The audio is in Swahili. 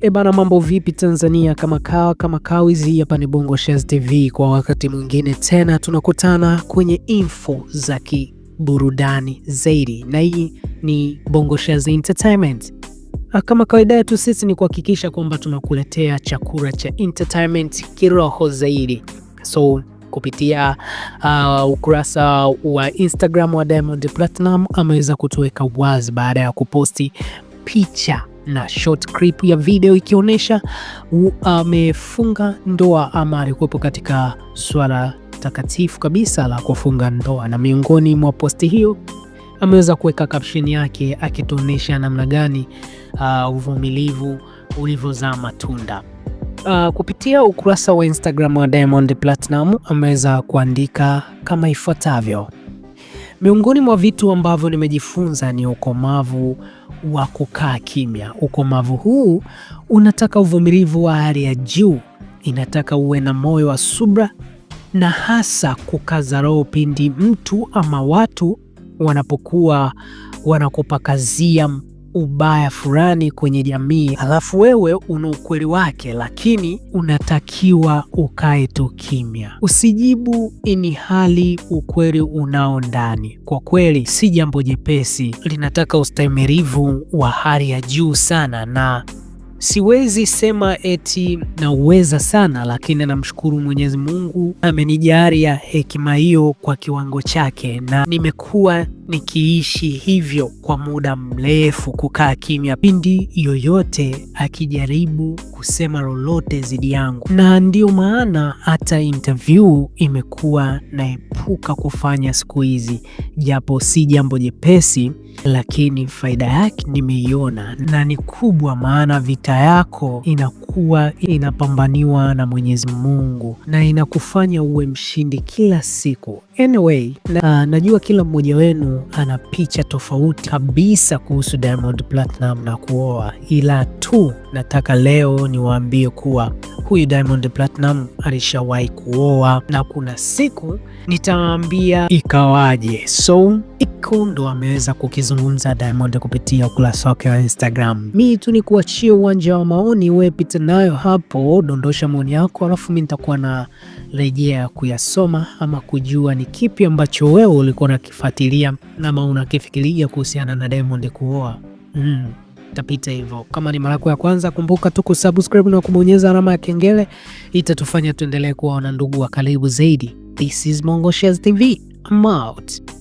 E bana, mambo vipi Tanzania? kama kawa kama kawizi, hapa ni Bongo Shazi TV. Kwa wakati mwingine tena tunakutana kwenye info za kiburudani zaidi, na hii ni Bongo Shazi Entertainment. Ah, kama kawaida yetu sisi ni kuhakikisha kwamba tunakuletea chakula cha entertainment kiroho zaidi, so kupitia uh, ukurasa wa Instagram wa Diamond Platinum ameweza kutuweka wazi baada ya kuposti picha na short clip ya video ikionyesha amefunga ndoa ama alikuwepo katika swala takatifu kabisa la kufunga ndoa, na miongoni mwa posti hiyo ameweza kuweka caption yake akituonyesha namna gani uh, uvumilivu ulivyozaa matunda. Uh, kupitia ukurasa wa Instagram wa Diamond Platinum ameweza kuandika kama ifuatavyo: miongoni mwa vitu ambavyo nimejifunza ni ukomavu wa kukaa kimya. Ukomavu huu unataka uvumilivu wa hali ya juu, inataka uwe na moyo wa subra na hasa kukaza roho pindi mtu ama watu wanapokuwa wanakupakazia ubaya fulani kwenye jamii, alafu wewe una ukweli wake, lakini unatakiwa ukae tu kimya, usijibu ini hali ukweli unao ndani. Kwa kweli si jambo jepesi, linataka ustahimilivu wa hali ya juu sana na Siwezi sema eti uweza sana, lakini namshukuru Mwenyezi Mungu amenijalia hekima hiyo kwa kiwango chake, na nimekuwa nikiishi hivyo kwa muda mrefu, kukaa kimya pindi yoyote akijaribu kusema lolote dhidi yangu, na ndiyo maana hata interview imekuwa naepuka kufanya siku hizi, japo si jambo jepesi lakini faida yake nimeiona na ni kubwa, maana vita yako inakuwa inapambaniwa na Mwenyezi Mungu na inakufanya uwe mshindi kila siku. Anyway, na, najua kila mmoja wenu ana picha tofauti kabisa kuhusu Diamond Platinum na kuoa, ila tu nataka leo niwaambie kuwa huyu Diamond Platinum alishawahi kuoa na kuna siku nitawaambia ikawaje. So hiko ndo ameweza kukizungumza Diamond kupitia ukurasa wake wa Instagram. Mi tu ni kuachia uwanja wa maoni, wewe pita nayo hapo, dondosha maoni yako, alafu mi nitakuwa na rejea kuyasoma ama kujua ni kipi ambacho wewe ulikuwa unakifuatilia ama unakifikiria kuhusiana na Diamond kuoa mm. Tapita hivyo. Kama ni mara yako ya kwanza, kumbuka tu kusubscribe na kubonyeza alama ya kengele, itatufanya tuendelee kuwa na ndugu wa karibu zaidi. This is Mongo Shares TV. I'm out.